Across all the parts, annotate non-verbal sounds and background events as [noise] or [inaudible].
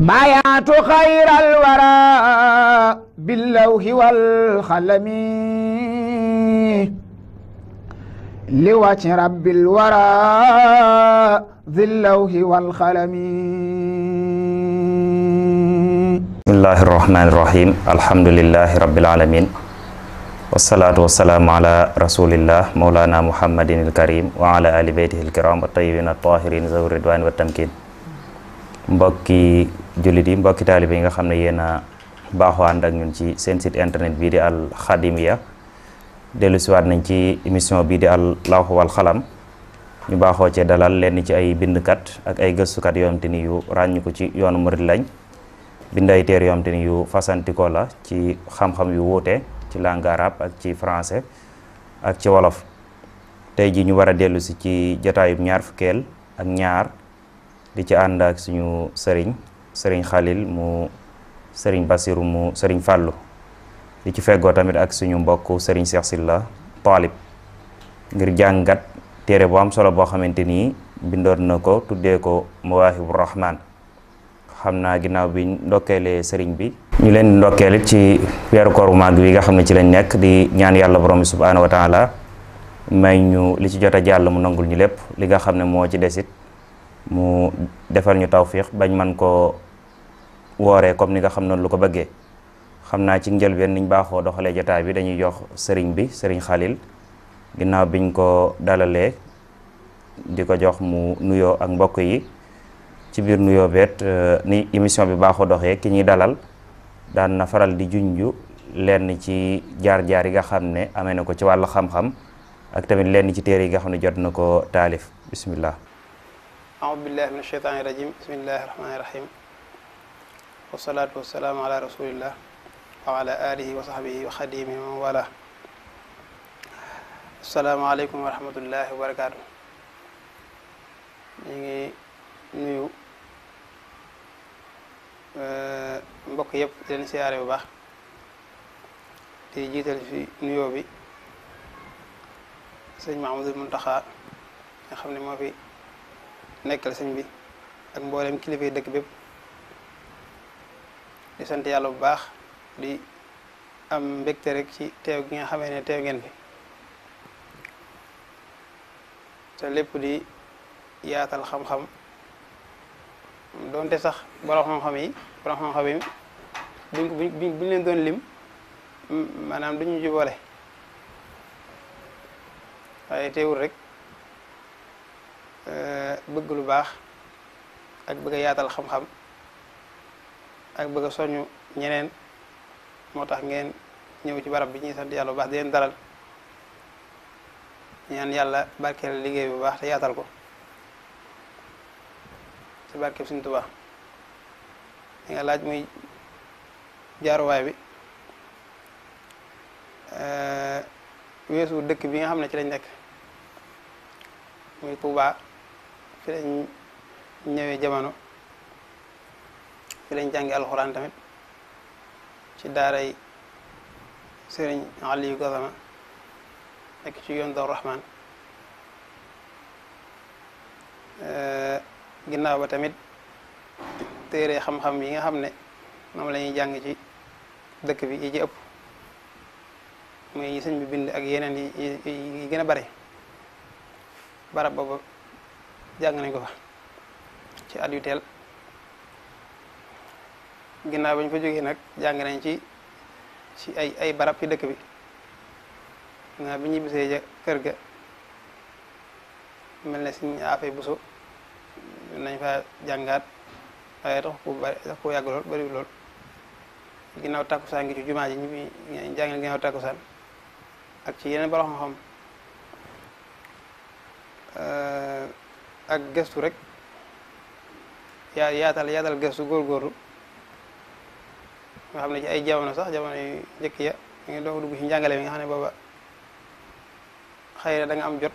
بايعت خير الورى باللوح والخلم لوجه رب الورى ذي اللوح والخلم بسم الله الرحمن الرحيم الحمد لله رب العالمين والصلاة والسلام على رسول الله مولانا محمد الكريم وعلى آل بيته الكرام الطيبين الطاهرين ذوي الرضوان والتمكين mbokki julit yi mbokki taalibe yi nga xam ne yéen a baaxoo ak ñun ci seen site internet bi di al delu ci wat nañ ci émission bi di al lawhu wal khalam ñu baxo ci dalal lenn ci ay kat ak ay gëstukat kat yoom tini yu ràññu ko ci yoonu mourid lañ bind ay teer yoo xam te ni yu fasantikoo la ci xam-xam yu wuute ci langue arabe ak ci français ak ci wolof tay ji ñu wara a ci ñaar fukel ak ñaar di ci and ak suñu serigne serigne Khalil mu sering basirou mu serigne fallo. di ci fego tamit ak suñu mbokk siak Cheikh Silla talib ngir jangat téere bo am solo bo xamanteni bindor nako tuddé ko tuddee rahman xamna ginaaw xam bi bi ñu leen ndokélé ci weeru kooru màgg wi nga xam ci lañ nekk di ñaan yalla borom subhanahu wa taala may ñu li ci jotta jall mu nangul ñu lepp li nga xam mo ci desit mu defal ñu tawfiix bañ man ko wooree comme ni nga xam na lu ko bëggee xam naa ci njëlbeen niñ baaxoo doxalee jotaay bi dañuy jox sëriñ bi sëriñ Xalil ginnaaw biñ ko dalalee di ko jox mu nuyoo ak mbokk yi ci biir nuyoo beet euh, ni émission bi baaxoo doxee ki ñuy dalal daan na faral di junju lenn ci jaar-jaar yi nga xam ne amee na ko ci wàllu xam-xam ak tamit lenn ci téere yi nga xam ne jot na ko taalif bismillah أعوذ بالله من الشيطان الرجيم بسم الله الرحمن الرحيم والصلاة والسلام على رسول الله وعلى آله وصحبه وخديمه ومن والاه السلام عليكم ورحمة الله وبركاته نيجي نيو nuyu آه، يب yëpp di leen siyaare bu baax di jiital fi nuyoo bi sëñ Mahamadul Muntaxa nekkal sëñ bi ak mboolem kilifa dëkk bépp di sant yàlla bu baax di am mbégte rek ci teew gi nga xamee ne teew ngeen fi te lépp di yaatal xam-xam doonte sax borom xam-xam yi borom xam-xam yi buñ buñ buñ leen doon lim maanaam duñu ci boole waaye teewul rek. Euh, bëgg lu baax ak bëgg yaatal xam-xam ak bëgg a soñu ñeneen moo tax ngeen ñëw ci barab bi ñuy sant yàlla baax di leen dalal ñaan yàlla barkeel liggéey bu baax te yaatal ko ci barkeel Sëriñ Tuubaa li nga laaj muy jaaruwaay bi euh, weesu dëkk bi nga xam ne ci lañ nekk muy Tuubaa fi lañ ñëwee jamono fi lañ alxuraan tamit ci daaray sëriñ Aliyu Gazama nekk ci yoon Daaru Rahman ginnaaw ba tamit téere xam-xam yi nga xam ne moom lañuy ñuy jàng ci dëkk bi yi ci ëpp muy sëñ bi bind ak yeneen yi yi gën a bari barab boobu jang nañ ko fa ci at yu teel ginnaaw bañ fa joggé nak jang nañ ci ci ay ay barap fi dëkk bi na biñu bisé ja kër ga mel ne siñ aafay buso nañ fa jàngaat ay tax ko bari tax ko yag lool bari lool takku sa ngi ci juma ji ñi jangal jàngal takku sa ak ci yeneen borom xam-xam ak gëstu rek yaatal yaatal gëstu góorgóorlu nga xam ne ci ay jamono sax jamono yu njëkk ya da nga doog dugg ci njàngale bi nga xam ne booba xëy na da am jot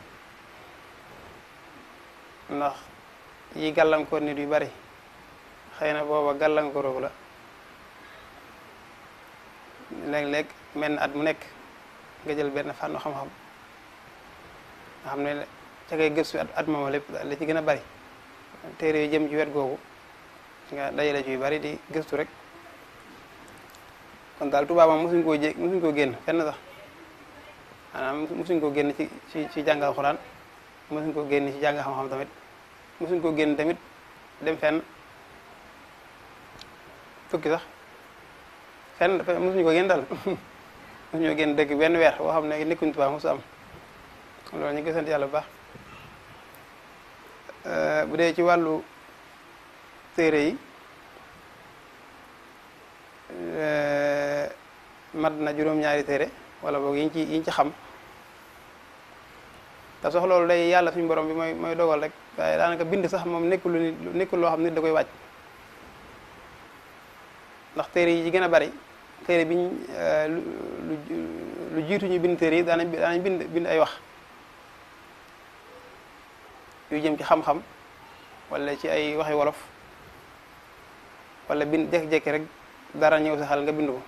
ndax yi gàllankoor nit yu bari xëy na booba gàllankooru la léeg-léeg mel na at mu nekk nga jël benn fànn xam-xam xam ne ca ngay gëstu at at lépp lépp la ci gën a bari téere yu jëm ci wet googu nga dajale ci yu bari di gëstu rek kon daal Tuubaa moom mosuñ koo jé mosuñ koo génn fenn sax maanaam mosuñ koo génn ci ci ci jàng alxuraan mosuñ koo génn ci jàng xam-xam tamit mosuñ koo génn tamit dem fenn tukki sax fenn musuñ ko génn daal [laughs] mosuñu ko génn dëkk benn weer boo xam ne nekkuñ Tuubaa mosu am loolu ñu ngi sant yàlla bu baax Euh, bu dee ci wàllu téere yi euh, mat na juróom-ñaari téere wala boog yiñ ci yiñ ci xam te sox day yàlla suñu borom bi mooy mooy dogal rek waaye daanaka bind sax moom nekkul lu nit nekkul loo xam nit da koy wàcc ndax téere yi ci gën a bari téere biñ euh, lu jiitu ñu bind téere yi daanañ daanañ bind bind ay wax yu jëm ci xam-xam wala ci ay waxi wolof wala bind jekki-jekki rek dara ñëw saxal nga bind ko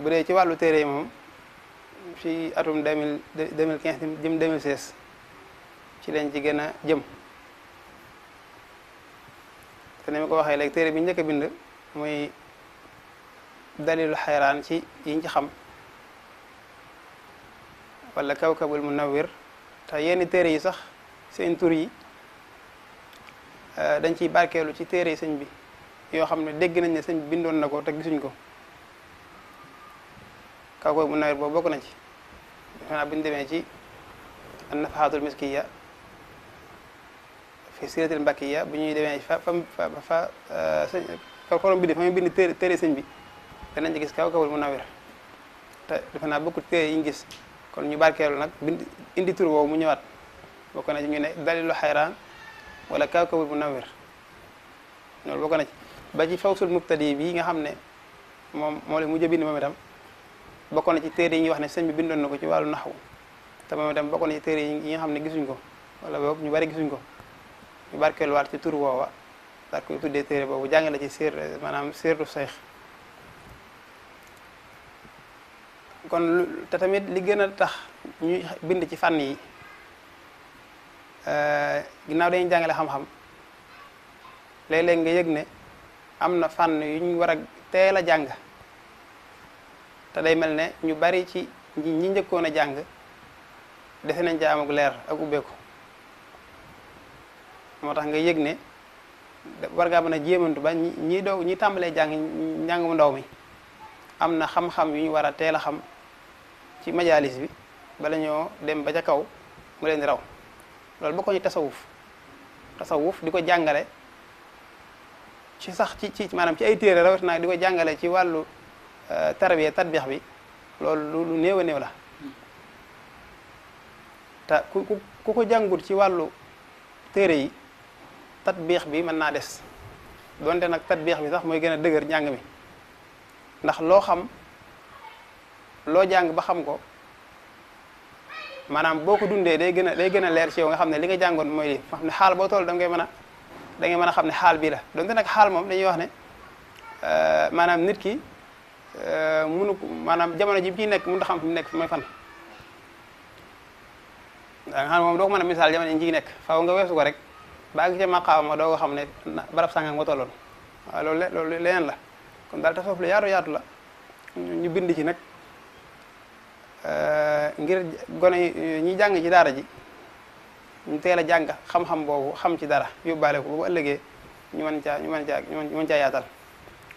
bu dee ci wàllu téere yi moom ci atum deux mille deux mille quinze jëm deux mille seize ci lañ ci gën a jëm te ni ma ko waxee léegi téere bi njëkk a bind muy dalilu xayraan ci yiñ ci xam wala mu munawwir te yenn téere yi sax seen yi eh, dañ ciy barkeelu ci téere sëñ bi yoo xam ne dégg nañ ne sëñ bi bindoon na ko te gisuñ ko kawkabul munawwir boobu bokk na ci xanaa bu demee ci an-nafahatul miskiya fi siratil mbakkiya bu ñuy demee fa fa fa eh, bi de fa muy bind téere téere sëñ bi danañ ci gis kawkabul munawwir te defe naa bokkul téere yi ñu kon ñu barkeelu nag bind indi tur woowu mu ñëwaat bokk na ci ñu ne dalilu xayraan wala kawkawul mu nawir loolu bokk na ci ba ci fawsul mubtadi bii nga xam ne moom moo leen mujj a bind moom ci téere yi ñuy wax ne sëñ bi bindoon na ko ci wàllu naxwu te moom itam bokk na ci téere yi nga xam ne gisuñ ko wala boobu ñu bari gisuñ ko ñu barkeeluwaat ci tur woowa daal koy tuddee téere boobu jàngale ci séer maanaam séertu seex kon te tamit li gën a tax ñuy bind ci fànn yi eh, ginnaaw dañuy jàngale xam-xam léeg-léeg nga yëg ne am na fànn yu ñu war a teel a jàng te day mel ne ñu bari ci ñi njëkkoon a jàng defe nañ ca amag leer ak ubbeeku moo tax nga yëg ne war ngaa mën a jéemantu ba ñi doog ñi tàmbalee jàng njàng mu ndaw mi am na xam-xam yu ñu war a teel a xam ci majaalis bi bala ñoo dem ba ca kaw mu leen di raw loolu bokkoon ci tasawuf tasawuf di ko jàngale ci sax ci ci maanaam ci ay téere rawatina di ko jàngale ci wàllu euh, tarbiya tatbix bi loolu lu néew a néew la te ku ko jàngut ci wàllu téere yi tatbix bi mën naa des donte nag tatbix bi sax mooy gën a dëgër njàng mi ndax loo xam loo jàng ba xam ko maanaam boo ko dundee day gën a day gën a leer ci yow nga xam ne li nga jàngoon mooy li nga xam ne xaal boo toll da ngay mën a mën a xam ne xaal bii la donte nag xaal moom dañuy wax ne euh, maanaam nit ki euh, mënu maanaam jamono ji bi nekk mënut a xam mu nekk fi mooy fan. da nga xam moom doo ko mën a misaal jamono ji ciy nekk faaw nga weesu ko rek baa ngi ca maqaama doo ko xam ne barab sàngam nga tolloon waaw loolu le loolu la kon daal tasawuf la yaatu yaatu la ñu bind ci nag. ngir gone eh, ñi jàng ci daara ji ñu teel a jàng xam-xam boobu xam ci dara yóbbaale ko bu ëllëgee ñu ñu mën caa ñu mën caa yaatal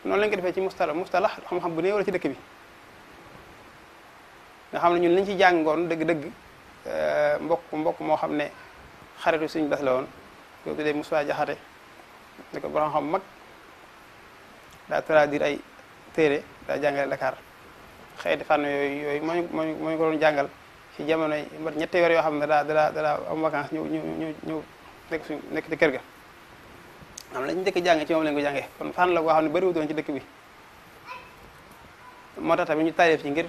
noonu lañ ko defee ci mustala mustala xam-xam bu ne la ci dëkk bi xam ne ñun liñ ci jàngoon dëgg-dëgg eh, mbokk mbokk moo xam ne xaritu suñu bas la woon ko tuddee Moussa Jaxate ne ko borom xam mag daa traduire ay téere daa jàngale Dakar xeeti fànn yooyu yooyu moo ñu jàngal ci jamono yi mbat ñetti weer yoo xam ne daa daa daa am vacance ñu ñu ñu nekk suñ ci kër ga am lañu njëkk jànge ci kon fànn la koo xam ne bëriwu doon ci dëkk bi tamit ñu taalif ci ngir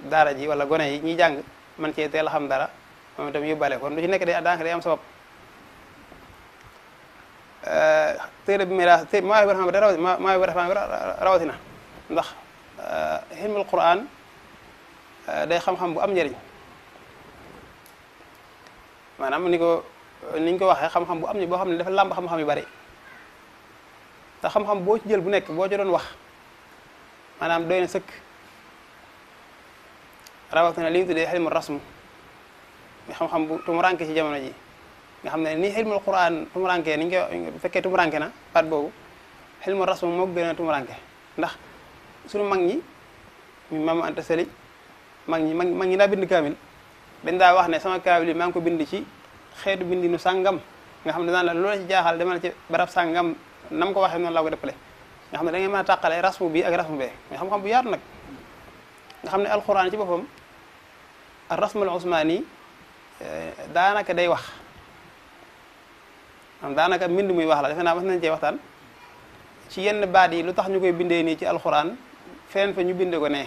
daara ji wala gone yi ñuy jàng man cee teel a xam dara moom itam yóbbaale kon nekk day daanaka day am sabab euh, téere bi may daa maa yu baraxam bi rawatina ndax xilmul euh, quraan euh, day xam-xam bu am njëriñ maanaam ni ko ni ko waxee xam-xam bu am ni boo xam ne dafa làmb xam-xam yu bari te xam-xam boo ci jël bu nekk boo ci wax maanaam doy na sëkk rawatina li ñu tuddee xilmul rasmu mi xam-xam bu tumuranke ci jamono ji nga xam ne ni xilmul quraan tumuranke ni ñu koy fekkee tumuranke na baat boobu xilmul rasmu moo gën a tumuranke ndax suñu mag ñi ñu maam Anta mag ñi mag mag ñi daa bind kaamil dañ daa wax ne sama kaamil yi maa ngi ko bind ci xeetu nu sàngam nga xam ne daan la loola ci jaaxal demal ci barab sàngam nam ko waxee noonu laa ko dëppale nga xam da ngay mën a tàqale bi ak rasmu bee nga xam-xam bu yaatu nag nga xam ne alxuraan ci boppam ar rasmul usmaani eh, daanaka day wax am daanaka mbind muy wax la defe naa mas nañ cee waxtaan ci yenn baat yi lu tax ñu koy bindee nii ci alxuraan fenn fa ñu bind ko ne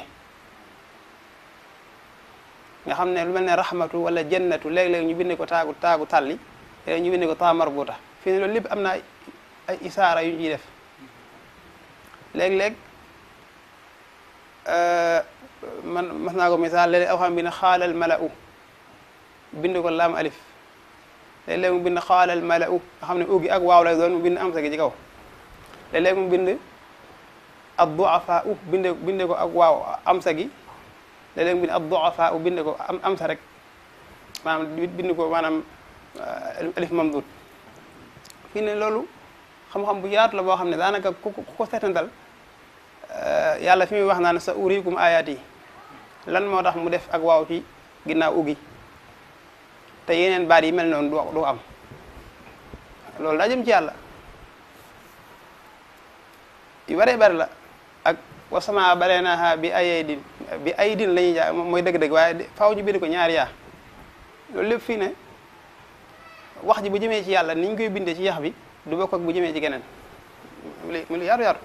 nga xam ne lu mel ne rahmatu wala jannatu léeg-léeg ñu bind ko taagu taagu tàlli léeg ñu bind ko taa fii ne loolu lépp am na ay isaara yu ñuy def léeg-léeg euh, man mas naa ko misaal léeg-léeg aw xam bi ne xaalal mala'u bind ko laam alif léeg-léeg mu bind xaalal mala'u nga xam ne ugi ak waaw bind am sa gi ci kaw léeg mu bind ad duafa u binde binde ko ak waaw amsa gi léeg-léeg bi ad duafa u binde ko am amsa rek maanaam bind ko maanaam euh, alif mamdud fii ne loolu xam-xam bu yaatu la boo xam ne daanaka ku ko seetantal euh, yàlla fi muy wax naan sa uriikum ayaat yi lan moo tax mu def ak waaw ci ginnaaw ugi te yeneen baat yi mel noonu du am loolu da jëm yàlla yu bare bare la wasamaa balenaha bi ayaydin bi aydin la ñuy jaa mooy dëgg-dëgg waaye faaw ñu bind ko ñaari yaa loolu lépp fii ne wax ji bu jëmee ci yàlla niñ koy bindee ci yax bi du bokk bu jëmee ci geneen mu li yaru yaru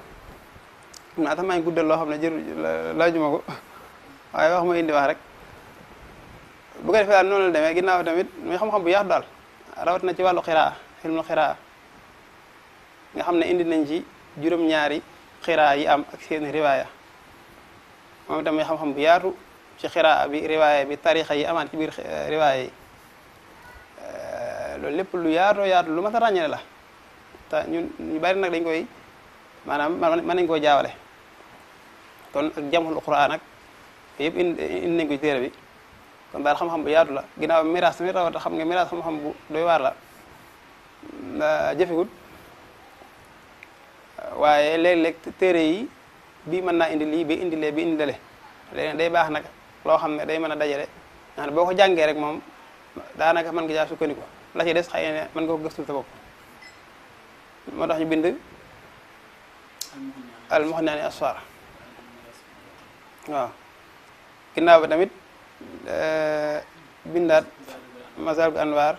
xam naa maa ngi guddal loo xam ne jëru laajuma ko waaye wax rek bu ko defee daal demee ginnaaw tamit muy xam-xam bu yaatu daal rawat na ci wàllu xiraa xilmul nga xam ne indi nañ ci juróom-ñaari xiraa yi am ak seen riwaaya moom itam xam-xam bu yaatu ci xiraa bi riwaaya bi tarixa yi amaat ci biir eh, riwaaya eh, loolu lépp lu yaatoo yaatu lu mat a ràññale la te ñun ñu bari nag dañ koy maanaam mën nañ koo jaawale kon ak jamxul quraan nag yëpp indi nañ ko ci téere bi kon daal xam-xam bu yaatu la ginnaaw miraas mi rawata xam nga miraas xam-xam bu doy waar la jëfewut waaye léeg-léeg téere yi bii mën naa indi lii bi indile lee bi indi lale day baax nag loo xam ne day mën a dajale nga xam boo ko jàngee rek moom daanaka mën nga caa sukkandiku la ci des xëy mën nga ko gëstul sa moo tax ñu bind al muxnaani asfar waaw ginnaaw ba tamit eh, bindaat masal gu anwaar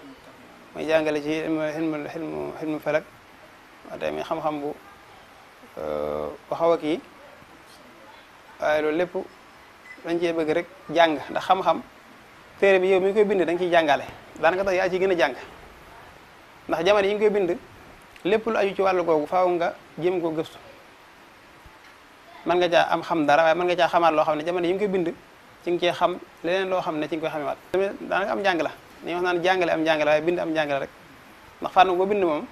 muy jàngale ci xilmu xilmu xilmu felak wa tamit xam-xam bu ku euh, xaw kii waaye loolu lépp dañ cee bëgg rek jàng ndax xam-xam téere bi yow mi ngi koy bind da nga ciy jàngale daanaka tax yaa ci gën a jàng ndax jamono yi ngi koy bind lépp lu aju ci wàllu koogu faaw nga jéem koo gëstu man nga caa am xam dara waaye mën nga caa xamaat loo xam ne jamono yi ngi koy bind ci nga cee xam leneen loo xam ne ci nga koy xamewaat daanaka am jàng la dañuy wax naan jàngale am jàngale waaye bind am jàngale rek ndax fànn boo bind moom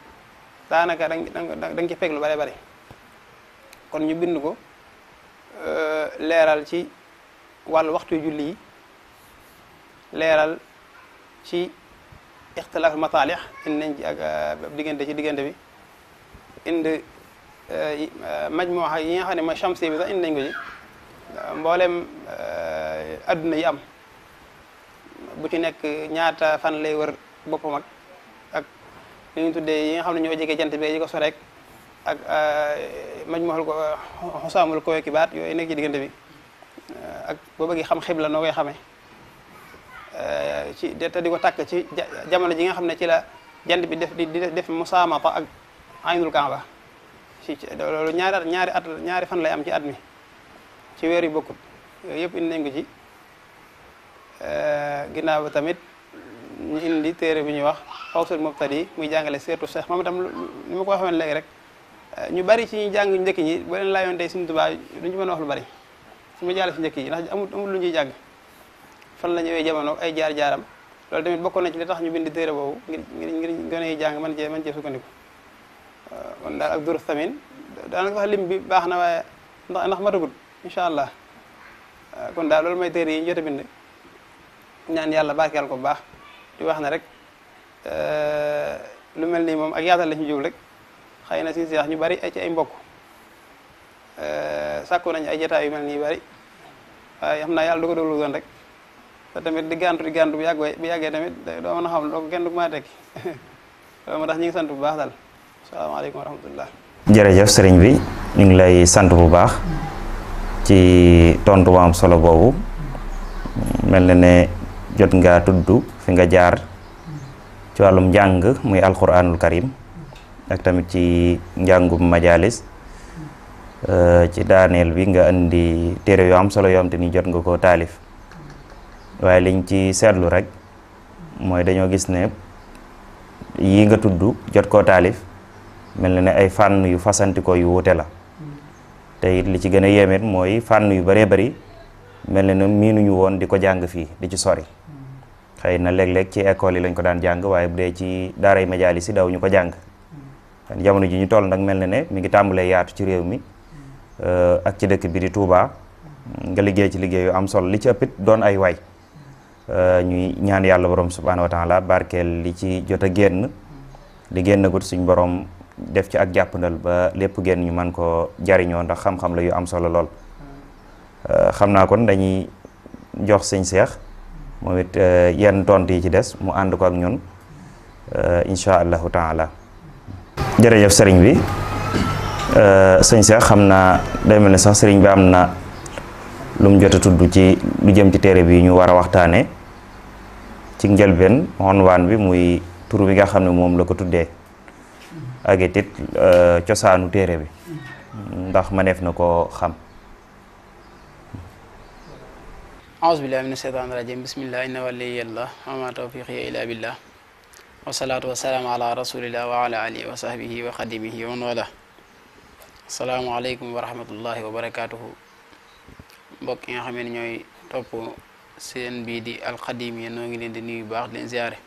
daanaka da nga da nga ci fekk lu bare bare kon ñu bind ko leeral ci wàllu waxtu julli yi leeral ci ixtilaafu mataalix indi nañ ci ak diggante ci diggante bi ind indi majmuuxa yi nga xam ne mooy chamsi bi sax indi nañ ko ci mboolem adduna yi am bu ci nekk ñaata fan lay wër boppam ak ak li ñu tuddee yi nga xam ne ñoo jege jant bi yi ko so rek ak majmuhul ko xusaamul koy ki baat yooyu nekk ci diggante bi ak boo bëggee xam xibla no koy xamee ci te di ko takk ci jamono ji nga xam ne ci la jant bi def di def musaamata ak aynul kaaba ci loolu ñaari at ñaari at ñaari fan lay am ci at mi ci weer yu bokkut yooyu yëpp indi nañ ko ci ginnaaw ba tamit ñu indi téere bi ñuy wax xawsul mubtadi muy jàngale surtout Cheikh moom itam li ma ko waxoon rek ñu bari ci ñu jàng ñu njëkk ñi boo leen laayoon tey Sëriñ Tuubaa duñu ci mën a wax lu bari su ma jàll si njëkk yi ndax amul amul lu ñuy jàng fan la ñëwee jamono ay jaar-jaaram loolu tamit bokkoon ci li tax ñu bind téere boobu ngir ngir gën a jàng mën cee mën cee sukkandiku kon daal ak dur samin daanaka wax lim bi baax na waaye ndax ndax matagul incha allah kon daal loolu mooy téere yi ñu jot a bind ñaan yàlla barkeel ko bu baax di wax na rek eh, lu mel nii moom ak yaatal la ñu jub rek xëy ci si ñu bari ay ci ay mbokk eh, sakku nañ ay jotaay yu mel bari waye xamna yalla yàlla lu gën rek da tamit di gantu di gantu bu yàggee bu yagge tamit doo mën a xam do ko kenn du ko mën a tekki [laughs] tax ñi ngi sant bu baax assalamu alaykum wa rahmatullah. jërëjëf serigne bi ñu ngi lay sant bu baax ci tontu bu am solo bobu mel ne jot nga tuddu fi nga jaar ci walum jang muy alquranul karim ak tamit ci njangum majalis hmm. eh, ci daaneel bi nga andi tere yu am solo yoo am te jot nga ko talif way liñ ci setlu rek moy dañu gis ne yi nga tuddu jot ko talif melni ne ay fànn yu fasantikoo yu wote la hmm. te li ci gëna moy yu bari bari melni ne di ko janggu fi di ci sori hmm. xeyna na leg ci école yi lañ ko daan jang waye bu dee ci daaray majalisi daw ñu ko janggu kan jamono ji ñu toll nak mel ne mi ngi tàmbalee yaat ci réew mi euh, ak ci dëkk bi di Touba nga liggé ci liggé yu am sol li ci ëppit doon ay way euh, ñuy ñaan Yalla borom subhanahu wa taala barkel li ci jotta genn li gut borom def ci ak jàppandal ba lepp genn ñu man ko jariño ndax xam-xam la yu am solo lol euh xamna kon dañuy jox sëñ cheikh momit it euh, yenn tont ci dess mu and ko ak ñun insha Allah taala jërëjëf sëriñ bi euh, sëñ Cheikh xam naa day melni sax sëriñ bi amna na lu mu jot a ci lu jëm ci téré bi ñu waxtané ci waxtaane ben njëlbeen xonwaan bi muy tour bi nga xam mom la ko agé tit euh ciosanu téré bi ndax maneef na xam aouzu billahi mina sheytaani rajim bismillah inna waliyallah wa ma tawfiqi illa billah والصلاة والسلام على رسول الله وعلى آله وصحبه وخدمه ومن والاه السلام عليكم ورحمة الله وبركاته بوك يا خمين نيوي توبو سين بي دي القديم ينو غي لين دي نيو باخ لين زياره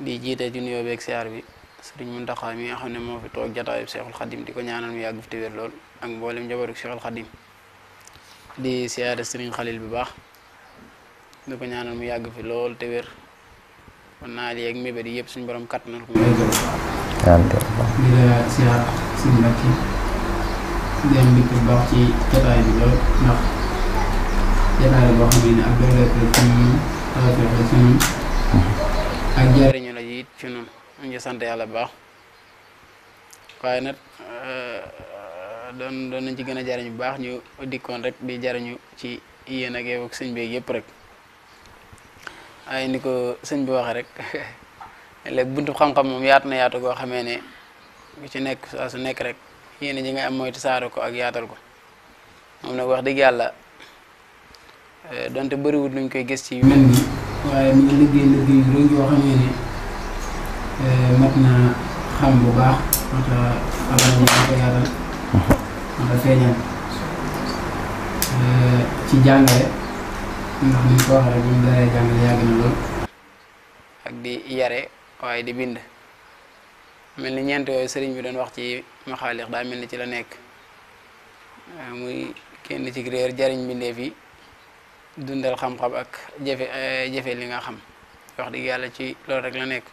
دي جيتا جي نيو بك سيار بي سيرن منتخا مي خاني مو في توك جاتا شيخ القديم ديكو نيانال مي ياغ فتي وير لول اك مبولم جابر شيخ القديم دي سيار سيرن خليل بي باخ نيو نيانال مي ياغ في لول تي وير kon naa ak mébét yëpp suñu borom kattanal ko may di la siyaar suñu mbàkki di am mbégte bu baax ci jotaay bi lool ndax jotaay boo xam ne ak doole la ci ñun tawfeex la ci ñun ak jariñu la it ci ñun ñu ngi sant yàlla baax waaye nag doon doon nañ ci gën a jariñ bu baax ñu dikkoon rek di jariñu ci yéen ak yow ak sëñ beeg yëpp rek ay ni ko sëñ bi waxee rek léegi buntu xam-xam moom yaatu na yaatu goo xamee ne bu ci nekk saa su nekk rek yéen ji nga am mooy tasaare ko ak yaatal ko moom nag wax dëgg yàlla eh, donte bëriwul luñ koy gis ci mel nii waaye mu ngi liggéey liggéey yu rëy yoo xamee ne eh, mat na xam bu baax mat a xalaat ñu ko yaatal mat a feeñal eh, ci jàngale ndax liñ ak di yare waaye di bind mel ni ñeent yooyu sëriñ bi doon wax ci maxaalix daa mel ni ci la nekk ah, muy kenn ci réer jariñ mbindeef yi dundal xam-xam ak jafe eh, jëfe li nga xam wax dëgg yàlla ci loolu rek la nekk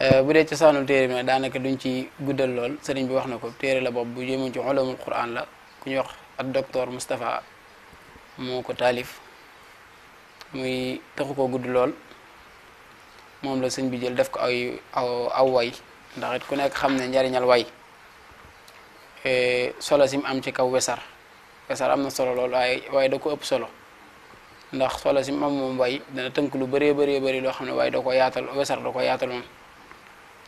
eh, bu dee cosaanul téere bi nag daanaka duñ ci guddal lool sëriñ bi wax na ko téere la bopp bu jëmoon ci ulumul Qur'an la ku ñu wax ak docteur mustafa moo taalif muy taxu koo gudd lool moom la sëñ bi jël def ko ay aw way ndaxit ku nekk xam ne njariñal way e, solo si mu am ci kaw wesar wesar am na solo lool waaye waaye da ko ëpp solo ndax solo si mu am moom way dana tënk lu baree bëree bëri loo xam ne waaye da ko yaatal wesar ko yaataloon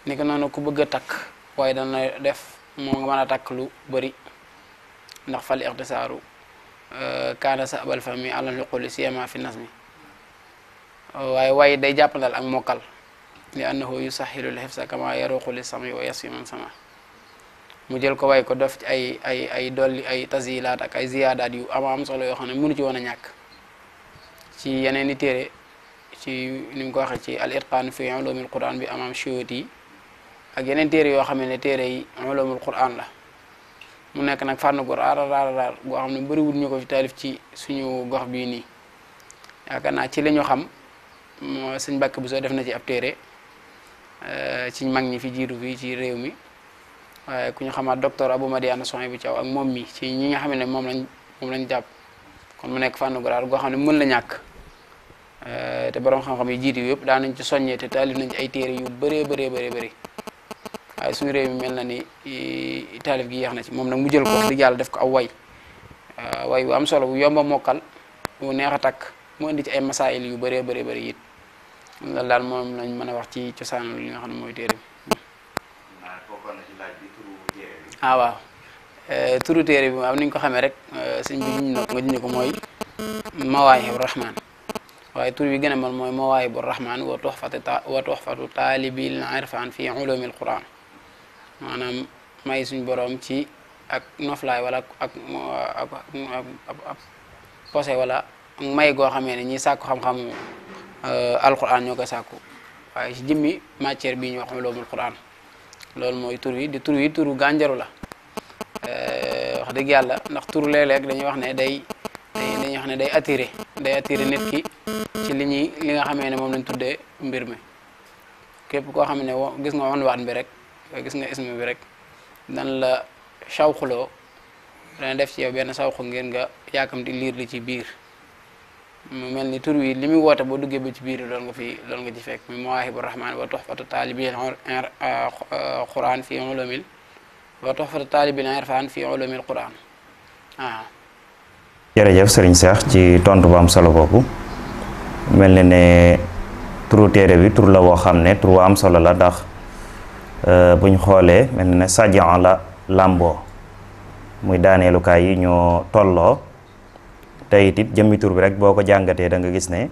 nekk ko noonu ku bëgg a takk waaye dana def moo nga a takk lu bari ndax fal ixtisaaru kaana sa abal fahmi alal luquli siyama fi nasmi waaye waaye day jàppandal ak mokkal li annahu yusahilu l xifsa kama yaruqu li sami man sama mu jël ko way ko def ci ay ay ay dolli ay tazilaat ak ay ziyaadaat yu ama solo yoo xam ne mënu ci woon a ñàkk ci yeneen téere ci ni mu ko waxee ci al fi ulumil quran bi amaam Suyuti yi ak yeneen téere yoo xam ne téere yi ulumul quran la mu nek nak fànn gu raar raar raar bo xam ne wul ñuko fi talif ci suñu gox bi ni yaakaar ci lañu xam señ sëñ bu so def na ci ab euh ci mag ñi fi jiru fi ci réew mi waye ku ñu xamaat docteur Abou Madiana soxna bu ciow ak mom mi ci ñi nga xamne mom lañ mom lañ japp kon mu nek fànn gu raar go xam mën la euh te borom xam-xam yi jiitu yëpp da nañ ci te talif nañ ci ay téré yu bëree bëree bëree bëri waaye suñu réew mi mel na ni taalif gi yeex na ci moom nag mu jël ko wax dëgg yàlla def ko aw way way wu am solo bu yomba mokkal bu neex a takk mu indi ci ay masaayil yu bëree bëri bëri it loolu daal moom lañ mën a wax ci cosaanu li nga xam ne mooy téere bi ah waaw turu téere bi am ni ñu ko xamee rek sëñ bi ñu nag nga junj ko mooy mawaahibu rahmaan waaye tur bi gën a mën mooy mawaahibu rahmaan wa tuxfatu wa tuxfatu taalibil irfaan fi ulumil quran maanaam may suñ boroom ci ak noflaay wala ak ak walla may goo xamee ne ñi sàkku xam-xamu euh, alquran ñoo koy sàkku waaye ci jëmmi matière bii ñu wax ulumul quran loolu mooy tur yi di tur yi turu gànjaru la euh, wax dëgg yàlla ndax turu léeg-léeg dañuy wax ne day dañuy wax ne day attire day attiré nit ki ci li ñuy li nga xamee ne moom lañ tuddee mbir mi képp koo xam ne gis nga woon waat bi rek gis nga ismu bi rek nan la sawxuloo dana def ci yow benn sawxu ngeen nga yaakamti liir li ci biir mu mel ni tur wii li muy woote boo duggee ba ci biir loolu nga fi loolu nga ci fekk mi mawaahibu rahmaan wa tuxfatu taalibil eh, quraan fi ulumil wa tuxfatu taalibil irfaan fi ulumil quraan ah jërëjëf sëriñ Seex ci tontu bu am solo boobu mel na ne bi tur la woo xam ne bu am solo la ndax Eh, buñ xolé xoolee mel la lambo muy daaneelukaay yi ñoo tollo tay it jëmmi tur bi rek boko jangate da nga gis ne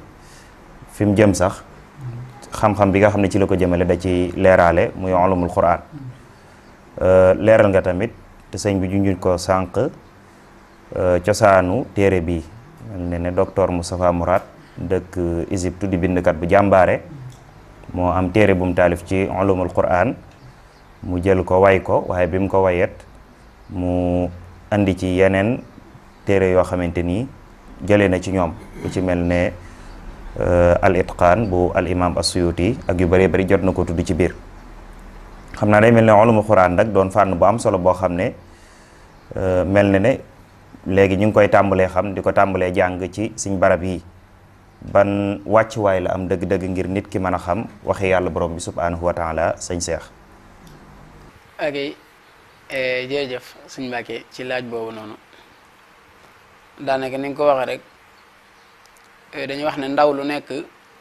fim jëm sax xam-xam bi nga xamne ci lako ko da ci leeraale muy ulumul quran eh, leeral nga tamit te señ bi junjuñ ko sank euh ciosanu téré bi melne ne docteur mustafa Mourad dëkk Égypte di kat bu jambaré mo am téré bu mu talif ci ulumul quran mu jël ko way ko waye bim mu ko wayet mu andi ci yenen téré yo xamanteni jëlé na ci ñom bu ci ne euh, al itqan bu al imam asuyuti ak yu bari bari jot nako ko ci bir xamna day mel ulum qur'an nak doon fann bu am solo bo xam ne euh, mel na ne léegi ñu koy tambalé xam di tambalé jang ci suñ barab yi ban way la am deug deug ngir nit ki mëna xam waxe yalla borom bi subhanahu wa taala señ cheikh ak eh, jërëjëf suñ Mbàkke ci laaj boobu noonu daanaka ni ko wax rek eh, dañuy wax ne ndaw lu nekk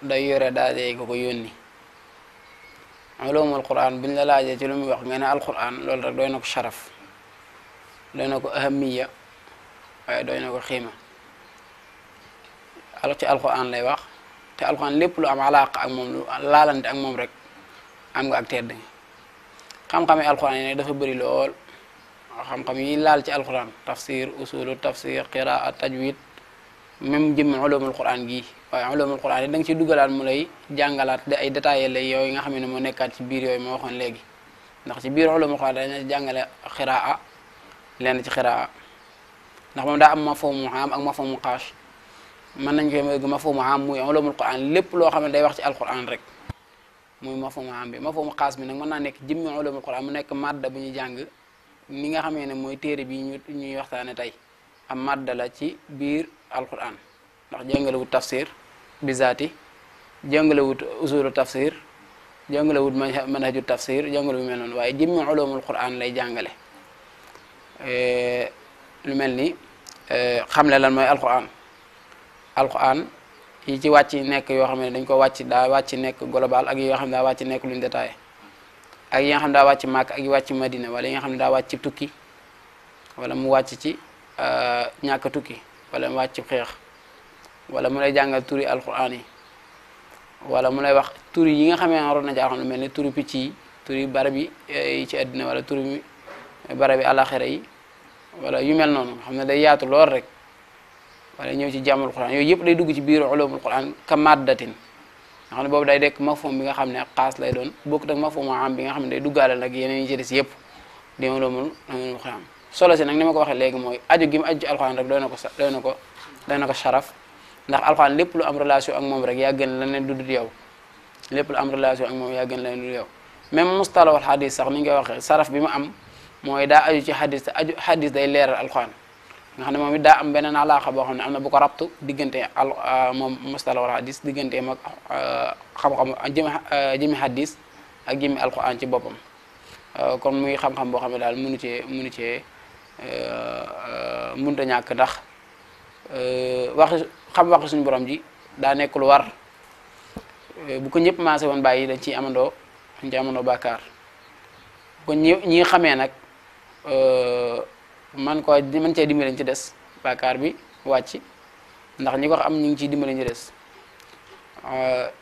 day yore daade ko ko yónni ulumul quran buñ la laajee ci lu muy wax nga ne alquran loolu rek doy na ko sharaf doy na ko ahamiya waaye doy na ko xiima alors ci alquran lay wax te alquran lépp lu am alaaq ak moom lu laalante ak moom rek am nga ak tedd xam-xami alquran yi nag dafa bëri lool xam-xam yi laal ci alquran tafsir usul tafsir qiraa tajwid même jëmmi ulumul quran gi waaye ulumul quran yi da nga ci dugalaat mu lay jàngalaat ay détaillé lay yooyu nga xam ne moo nekkaat ci biir yooyu ma waxoon léegi ndax ci biir ulumul quran dañ ci jàngale qiraa lenn ci qiraa ndax moom daa am mafhumu am ak mafhumu xaas mën nañ koy ma mafhumu am muy ulumul quran lépp loo xam ne day wax ci alquran rek muy mafoomu am bi mafoomu xaas bi nag mën naa nekk jëmmi ulumul Qur'an mu nekk madda bu ñu jàng ni nga xamee ne mooy téere bi ñu ñuy waxtaane tey am madda la ci biir alquran ndax jàngalewut tafsir bi zaati jàngalewut usulu tafsir jàngalewut manhaju tafsir jàngale bu mel noonu waaye jëmmi ulumul Qur'an lay jàngale lu mel ni xamle lan mooy alquran alquran yi ci wàcc yi nekk yoo xam ne dañ ko wàcc daa wàcc nekk global ak yi xam ne daa wàcc nekk luñ détaillé ak yi nga xam daa wàcc Màkk ak yi wàcc Madina wala yi nga xam ne daa wàcc ci tukki mu wàcc ci euh, ñàkk tukki wala wàcc xeex wala mu lay jàngal turi alquran yi walla mu lay wax turi yi nga xamee waroon na ci alquran lu mel ni turi picc yi turi barab yi euh, ci àddina wala turi barabi alaxira yi wala yu mel noonu xam ne day yaatu lool rek wala ñëw ci jàmmul quran yooyu yëpp day dugg ci biir ulumul quran ka maddatin nga xam ne boobu day dekk mafhum bi nga xam ne xaas lay doon bokkut ak mafhumu am bi nga xam ne day duggaale nag yeneen yi ci des yëpp di ulumul quran solo si nag ni ma ko waxee léegi mooy aju gi mu aju ci alquran rek doy na na ko doy ko sharaf ndax alquran lépp lu am relation ak moom rek yaa gën la ne dudut yow lépp lu am relation ak moom ya gën la ne dudut yow même mustalawal xadis sax ni nga waxee saraf bi mu am mooy daa aju ci xadis te aju day leeral alquran nga xamne momi da am benen alaqa bo xamne amna bu ko rabtu digeunte al euh, mom mustala wal hadis digeunte mak euh, xam-xam jimi euh, hadis ak jimi alquran ci bopam kon muy xam-xam bo xamne ne munu ci munu cee mënut a ñàkk ndax wax xam wax suñu borom ji da nekk lu war bu ko ñepp ma woon bàyyi dañ ciy amandoo dañ ciy ko ñi nak man koo man cee dimbale ñu ci des bàkkaar bi wàcc ndax ñi ko am ñu ngi ciy dimbale ñu des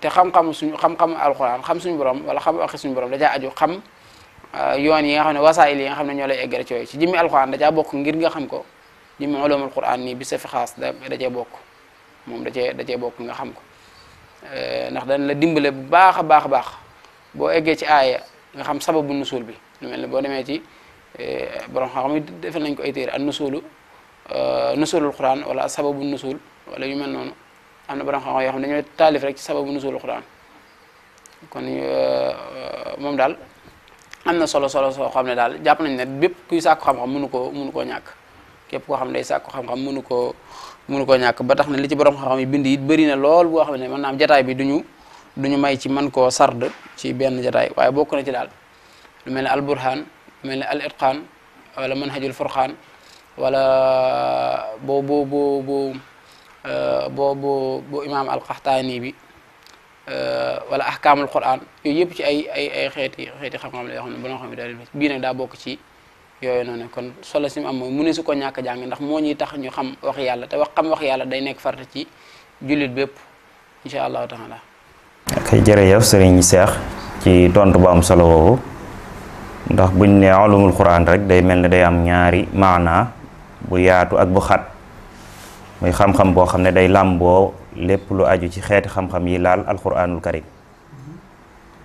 te xam-xam suñu xam-xam alxuraan xam suñu borom wala xam waxi suñu borom da caa aju xam euh, yoon yi nga xam ne wasaayil yi nga xam ne ñoo lay eggale ci yooyu ci jëmmi alxuraan da caa bokk ngir nga xam ko jëmmi ulumul quraan nii bi sa fi xaas da da cee bokk moom da cee da nga xam ko euh, ndax dañ la dimbale bu baax a baax a baax boo eggee ci aaya nga xam sababu suul bi lu mel ne boo demee ci. Eh, borom xam-xam yi defal nañ ko ay téere an euh, nusulu nusulul quran wala sababu nusul wala yu mel noonu am na borom xam-xam yoo xam ne dañoo taalif rek ci sababu nusulul quran kon euh, euh, moom daal am na solo solo soo xam ne daal jàpp nañ ne bépp kuy sàkku xam-xam mënu koo munu koo ñàkk képp koo xam ne day sàkku xam-xam mënu koo mënu koo ñàkk ba tax na li ci borom xam yi bind it bëri na lool boo xam ne mën naa am jataay bi duñu duñu may ci man koo sard ci benn jataay waaye bokk na ci daal lu mel alburhan mel ne al itqaan wala manhajul furqaan wala bo bo bo bo eh, bo bo bo imaam alqaxtaani bi eh, wala ahkaamul quraan yooyu yëpp ci ay ay ay xeeti xeeti xam-xam la yoo ba xam ne daal bii nag daa bokk ci yooyo noone kon solo si mu am mooy mu ne su ko ñàkk jàng ndax moo ñuy tax ñu xam wax yàlla te wax xam wax yàlla day nekk farata ci jullit bépp incha allahu taala. ok jërëjëf Serigne Cheikh ci tontu bu am solo woowu. ndax buñ ne ulumul quran rek day mel ne day am ñaari maanaa bu yaatu ak bu xat muy xam-xam boo xam ne day làmboo lépp lu aju ci xeeti xam-xam yi laal alquranul karim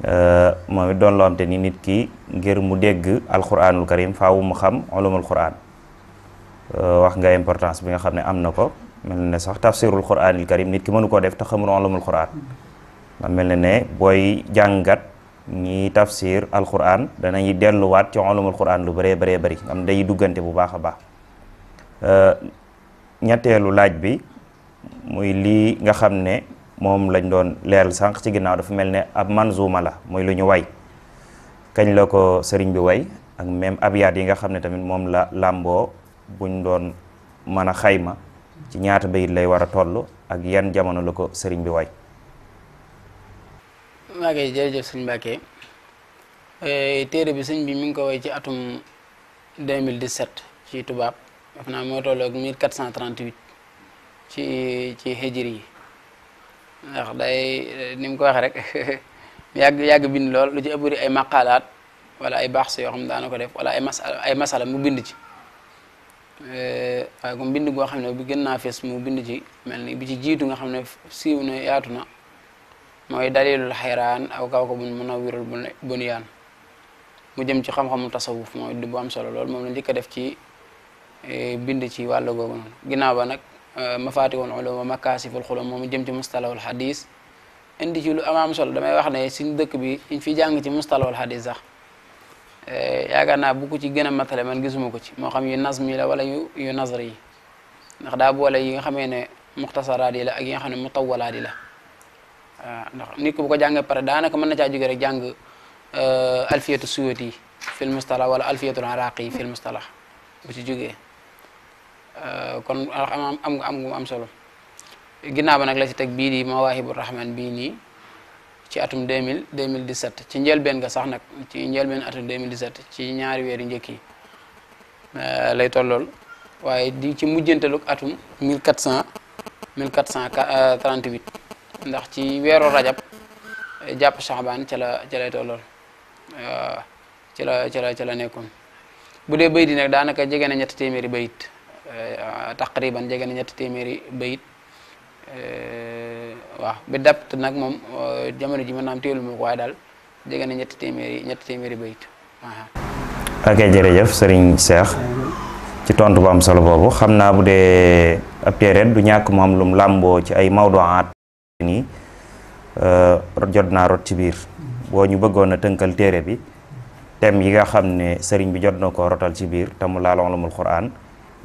euh, moom it doon loo xam te ni nit ki ngir mu dégg alquranul karim faawu mu xam ulumul quran euh, wax nga importance bi nga xam ne am na ko mel na ne sax tafsirul quranil karim nit ki mënu koo def te xamul ulumul quran mel na ne booy jàngat ñi tafsir alquran delu wat ci ulumul quran lu bare bare bare am day dugante bu baakha ba euh ñetteelu laaj bi muy li nga xamne ne lañ doon leral sank ci ginaaw dafa melne ne ab manzuma la muy lu ñu way kañ la ko sëriñ bi way ak même abyaat yi nga xamne ne tamit mom la lambo buñ doon mana xayma ci ñaata bayit lay wara tollu ak yan jamono la ko bi way maa ngi jërëjëf sëñ Mbacke eh, téere bi sëñ bi mi ngi ko woy ci atum mille 2017 ci tubaab def naa moo toll ak 1438 ci ci hijri yi ndax day ni ko waxee rek [laughs] yàgg yàgg bind lool lu ci ëppuri ay maqalaat wala ay baax si yoo xam ne daana ko def wala ay mas ay masala mu bind ci eh, waaye comme bind goo xam ne bi gën naa fees mu bind ci mel ni bi ci jiitu nga xam ne siiw na yaatu mooy dalilul xayraan aw kaw ko mun munawwirul bunyaan mu jëm ci xam-xamu tasawuf mooy di bu am solo lool moom la njëkk def ci e, bind ci wàll googu noonu ginnaaw ba nag e, mafatihul ulum makasiful xulum moom mu jëm ci mustalahul xadis indi ci lu am am solo damay wax ne suñu dëkk bi ñu fi jàng ci mustalahul xadis sax e, yaakaar naa bu ko ci gën a matale man gisuma ko ci moo xam yu nazmi la wala yu yu nazri yi ndax daa boole yi nga xamee ne muxtasaraat yi la ak yi nga xam ne mutawalaat yi la Ah, ndax nit ku bu ko jàngee pare daanaka mën na ca jóge rek jang euh alfiyatu suyuti fil mustalah wala alfiyatu araqi fil mustalah bu ci euh kon am am am am solo ginnaaw ba nag la ci tek bi di mawahibur rahman bi ni ci atum 2000 2017 ci ben nga sax nak ci ben atum 2017 ci ñaar wër yi ñëkki euh lay tollol waye di ci mujjanteluk atum 1400 1438 ndax ci wéro rajab japp saxbaan ci la ci lay tollool euh, ci la ci la ci la nekkoon bu dee bayit yi bait, daanaka jege na ñetti téméri beuyit euh, taqriban jege na téméri beuyit euh waaw bi dapt nak mom euh, jamono ji mëna am téelu ma way dal daal jege na ñetti téeméeri ñetti téeméeri bayit ok jërëjëf sëriñ Cheikh ci tontu bu am solo bobu xamna bu du ñak mo am lum lambo ci ay mawduat ni eh, jot naa rot ci bir bo ñu bëggoon a tënkal téere bi tém yi nga xamné ne sëriñ bi jot ko rotal ci bir tamu la la Qur'an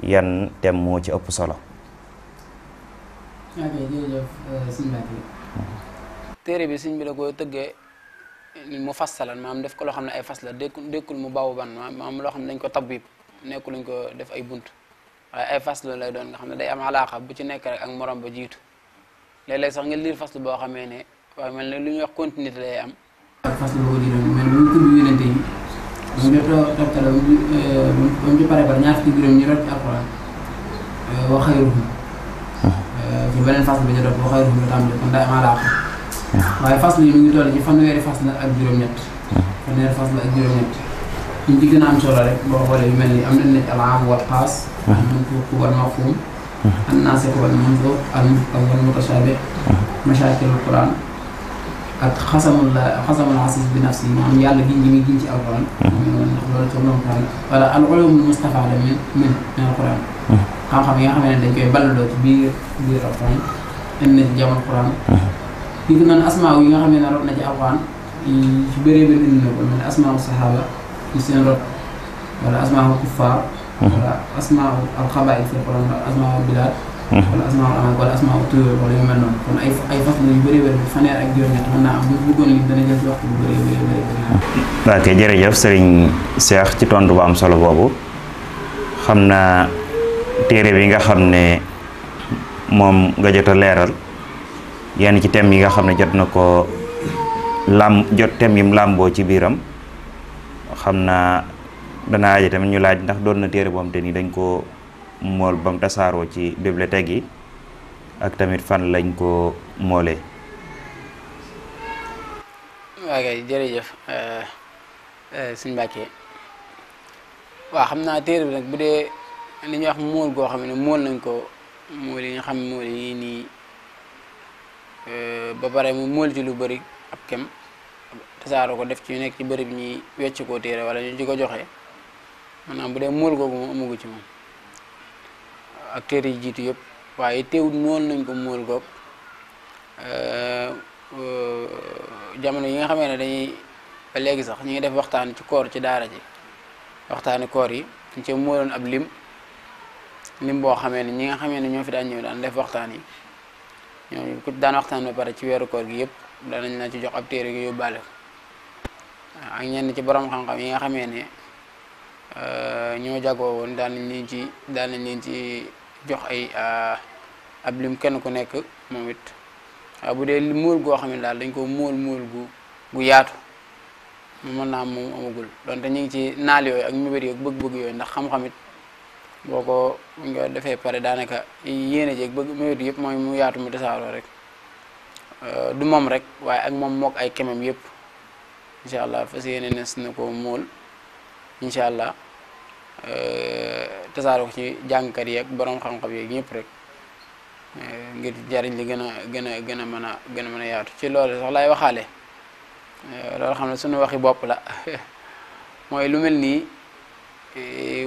yan tém mo ci ëpp solo. Eh, téré bi sëñ bi da ko tëggee mu fassalan maam def ko lo xamné ay fas la dekkul mu bawu ban maam lo xamné dañ ko tabib nekkul luñ ko def ay buntu ay fas la lay doon nga xamné day am alaqa bu ci nekk rek ak morom ba jitu léeg-léeg sax nga liir faslu boo xamee ne waaye mel ne lu ñuy wax continuité lay am. ak faslu boo ko liiroon mais lu ñu tudd yonente yi. bu ñu doon toppatoo ba ñu pare ba ñaar fukki juróom ñu rot ci alxuraan wa xayruhum. ci beneen faslu bi ñu doon wa xayruhum lu tàmbali kon daay maa laa ko. waaye faslu yi mu ngi toll ci fanweeri fas la ak juróom-ñett. fanweeri fas la ak juróom-ñett. ñu ci gën a am solo rek boo xoolee yu mel ni am nañu ne al aam xaas. am nañu ko wal mafhum الناسخ والمنظور او المتشابه مشاكل القران خصم خصم العصيص بنفسه معهم القرآن جين جيمي جين اولا ولا العلوم المستفاده من من القران كان خم يخم يعني دنجي بلو تبير بير القران ان جام القران يكون من اسماء ويخم خم يعني ربنا جي اولا يبري بالنبي من اسماء الصحابه يسين رب ولا اسماء الكفار asmaa al xabaa'is la wala asmaa al bilaad wala asmaa al amaat hmm. wala asmaa al tuyur wala yu kon ay ay fasl yu bëri bëri fanweer ak juróom-ñett mën naa am bu bëggoon li dana jël waxtu bu bëri bëri bëri bëri hmm. ok jërëjëf sëriñ Cheikh ci tontu bu am solo boobu xam naa bi nga xam ne nga jot a leeral ci thème yi nga xam jot na lam jot thème yim làmboo ci biiram xam dana aji tamit ñu laaj ndax doon na téere boo te ni dañ koo mool ba mu tasaaroo ci bibliothèque yi ak tamit fan lañ ko moolee waa kay jërëjëf euh, euh, suñ Mbàkke waaw xam naa téere bi nag bu dee li ñuy wax mool goo xam ne mool nañ ko mool yi xam mool yi nii euh, ba pare mu mool ci lu bari ab kem tasaaroo ko def ci nekk ci bërëb ñi wecc koo téere wala ñu ci ko joxe maanaam bu dee mool googu moom amagu ci moom acteurs yi jiitu yëpp waaye teewul mool nañ ko mool goog euh, jamono yi nga xamee ne dañuy ba sax ñu ngi def waxtaan ci koor ci daara ji waxtaani koor yi dañ ab lim lim boo xamee ne ñi nga xamee ne ñoo fi daan ñëw daan def waxtaan yi ñooñu ku daan waxtaan ba pare ci weeru koor gi yëpp danañ la ci jox ab téere gi yóbbaale ak ñenn ci borom xam-xam yi nga xamee ne. Euh, ñoo jagoo woon daan nañ leen ci daan nañ ci jox ay euh, ab lim kenn ku nekk moom it bu dee muul goo xam ne daal dañ ko muul muul gu gu yaatu mën naa moom amagul donte ci naal ak mébét yooyu bëgg yooyu ndax xam it boo ko defee pare daanaka yéene jeg bëgg mébét yëpp mooy mu yaatu mu tasaaroo rek euh, du moom rek waaye ak moom mook ay kemam yëpp incha allah fas yéene nes na ko muul incha allah euh, tasaare ko ci jàngkat yeeg borom xam-xam yeeg ñëpp rek euh, ngir jariñ li gën a gën a gën a mën a gën a mën a yaatu ci loolu sax laay waxaale euh, loolu xam ne suñu waxi bopp la [laughs] mooy lu mel nii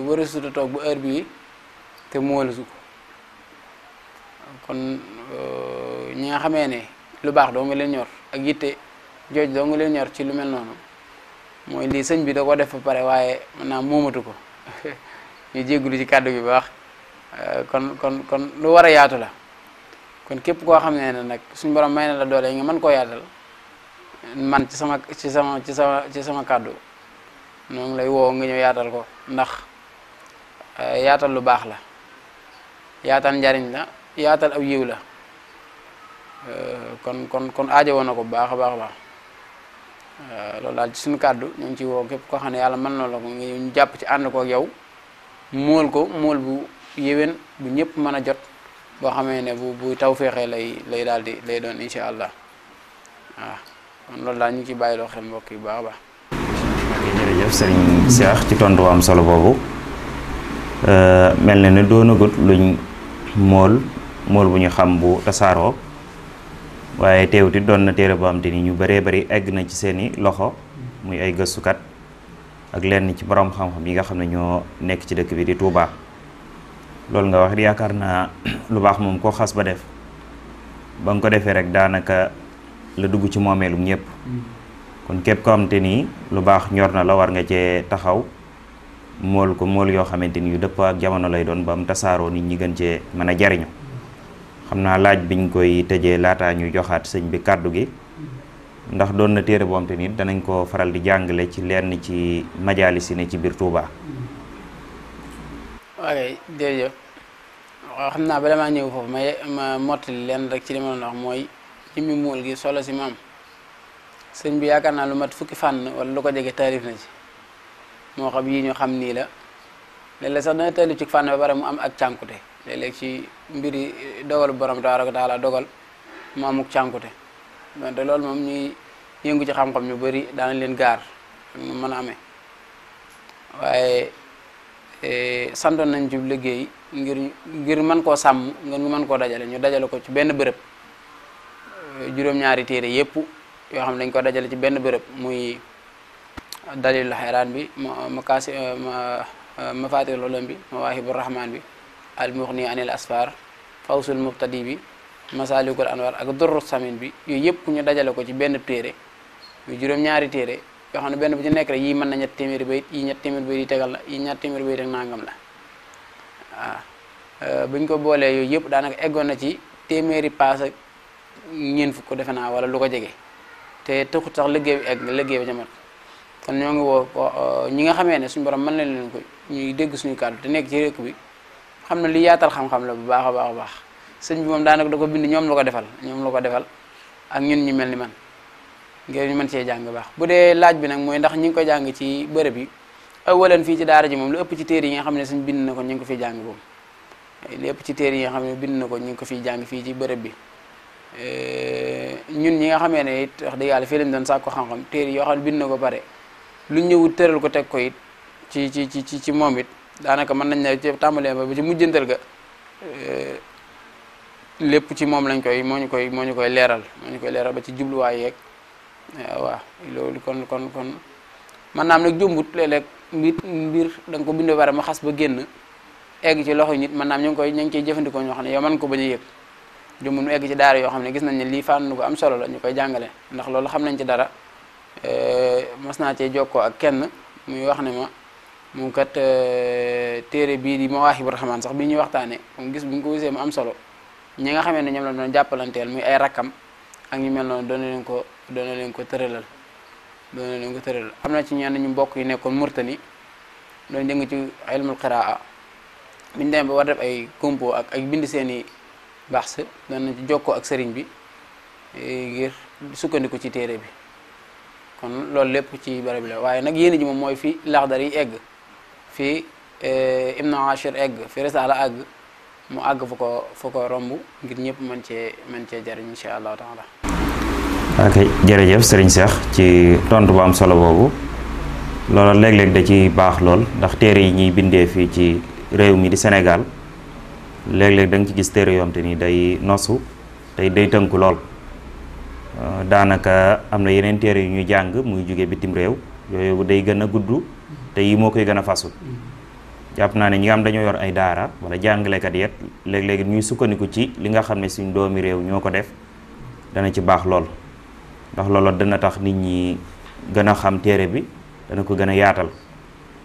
wara suta toog bu heure bii te moolasu ko kon ñi nga xamee ne lu baax doo nga leen ñor ak yitte jooj doo nga leen ñor ci lu mel noonu moy li sëñ bi da ko def paré pare waaye maanaam ko [laughs] ñu jéggulu ci bi euh, kon kon kon lu wara yaatu la kon képp ko xamné ne nag suñu borom mayna na la doole nga man ko yaatal man ci sama ci sama ci sama ci sama kàddu non lay wo nga ñu yaatal ko ndax euh, yaatal lu bax la yaatan jariñ la yaatal aw yiw euh, kon kon kon aaje wonako ko baax baax Euh, loolu daal ci suñu kàddu ñu ngi ci woo képp koo xam ne yàlla mën na la ko ñu jàpp ci ànd kook yow mool ko mool bu yéwén bu ñëpp mën a jot boo xamee ne bu bu taw féexee lay lay daal di lay doon incha allah waaw kon loolu daal ñu ngi ciy bàyyiloo xel mbokk yu baax a baax. ok jërëjëf ci tontu am solo boobu euh, mel na ne doonagut luñ mool mool bu ñu xam bu tasaaroo. waaye teewuti don na téere bo am dini ñu bari bëri egg na ci seeni loxo muy ay gëstukat ak lenn ci borom xam-xam yi nga xam ne nekk ci dëkk bi di Touba loolu nga wax yaakaar lu bax mom ko xass ba def bang ko defee rek danaka la dugg ci momelu ñepp kon kep ko am tini ni lu nyor ñor na la war nga ci taxaw mol ko mol yo xamanteni ni yu depp ak jamono lay doon bam mu nit ñi gën ci mëna xam naa laaj biñ koy tëjee laataa ñu joxaat sëñ bi kàddu gi ndax doon na téere boom nit danañ ko faral di jàngale ci lenn ci majaalis yi ne ci biir Touba. ok jërëjëf xam naa bala maa ñëw foofu ma ma mottali leen rek ci li ma mooy ci muul gi solo si maam sëñ bi yaakaar naa lu mat fukki fànn wala lu ko jege taarif na ci moo xam yii ñu xam nii la léeg-léeg sax dana taarif ci fànn ba pare mu am ak cànkute léeg-léeg ci mbiri eh, dogal borom tabaraka taala dogal mu amuk cànkute donte loolu moom ñuy yëngu ci xam-xam ñu bëri daanañ leen gaar ak nu mën a amee waaye eh, santoon nañ ci liggéey ngir ngir mën koo sàmm nga ñu mën koo dajale ñu dajale ko ci benn bërëb eh, juróom-ñaari téere yépp yoo xam ne dañ ko dajale ci benn bërëb muy dalilul xayraan bi ma kaasi mafatihul ulum bi mawaahibu rahman bi almughni anil asfar fawsul mubtadi bi masalikul anwar ak durru samin bi yooyu yëpp ñu dajale ko ci benn téere yu juróom-ñaari téere yoo xam ne benn bu ci nekk rek yii mën na ñett téeméeri bayit yii ñett téeméeri yi tegal la yi ñett téeméeri bayit ak nangam la waaw euh, buñ ko boolee yooyu yëpp daanaka eggoon na ci téeméeri paas ak ñeent fukk defe naa wala lu ko jege te te taxut sax liggéey bi egg liggéey bi ca kon ñoo ngi woo ñi nga xamee ne suñu borom mën na leen ko ñuy dégg suñu kàddu te nekk ci bi xam ne li yaatal xam-xam la bu baax a baax a baax sëñ bi moom daanaka da ko bind ñoom la ko defal ñoom la ko defal ak ñun ñu mel ni man ngir ñu mën cee jàng baax bu dee laaj bi nag mooy ndax ñi ngi ko jàng ci bërëb yi awalan fii ci daara ji moom lu ci téere yi nga xam ne sëñ bind na ko ñu ngi ko fiy jàng boobu lu ci téere yi nga xam ne bind na ko ñu ngi fiy jàng fii ci bërëb bi ñun ñi nga xamee ne it wax dëgg yàlla fii lañ doon sàkku xam-xam téere yoo xam ne bind na ko pare lu ñëwut tëral ko teg ko it ci ci ci ci moom it daanaka mën nañ ne ci tàmbalee ba ci mujjantal ga eh, lépp ci moom lañ koy moo ñu koy moo ñu koy leeral moo ñu koy leeral ba ci jubluwaay yeeg eh, waaw loolu kon kon man naam nag jumbut léeg-léeg mbir mbir da nga ko bindee bare ma xas ba génn egg ci loxo nit man naam ñu ngi koy ñu ngi koy jëfandikoo ñoo xam ne yow mën ko bañ a yëg jumbut mu egg ci daara yoo xam ne gis nañ ne lii fànn ko am solo la ñu koy jàngale ndax loolu xam nañ ci dara eh, mas naa cee jokkoo ak kenn muy wax ne ma moom kat euh, téere bii di Mawaahibu Rahmaan sax bi ñuy waxtaane moom gis bu ñu ko gisee mu am solo ñi nga xamee ne ñoom la doon jàppalanteel muy ay rakkam ak ñu mel noonu doon leen ko doon leen ko tëralal doon leen ko tëralal am na ci ñenn ñu mbokk yi nekkoon Murtani doon jëng ci ilmul qiraa biñu demee ba war def ay compo ak ay bind seeni baax sa doon nañ ci jokkoo ak sëriñ bi eh, ngir sukkandiku ci téere bi kon loolu lépp ci barab bi la waaye nag yéen ji moom mooy fi Laxdari yi egg fi eh, Ibnu Ashir egg fi risaala àgg mu àgg fu ko fu ko romb ngir ñëpp mën cee mën cee jariñ incha allahu taala ok jërëjëf sëriñ Cheikh ci tontu bu am solo boobu loolu léeg-léeg da ci baax lool ndax téere yi ñuy bindee fii ci réew mi di Sénégal léeg-léeg da ci gis téere yoom te ni day nosu tey day tënku lool euh, daanaka am na yeneen téere yu ñuy jàng muy jóge bitim réew yooyu day gën a gudd te yi mo koy gën a fasu jàpp naa ne ñi nga xam yor ay daara wala kat yet léeg-léegi ñuy sukkandiku ci li nga xam suñ doomi réew ñoko def dana ci bax lool ndax loolu dana tax nit ñi gëna xam téré bi dana ko gëna yaatal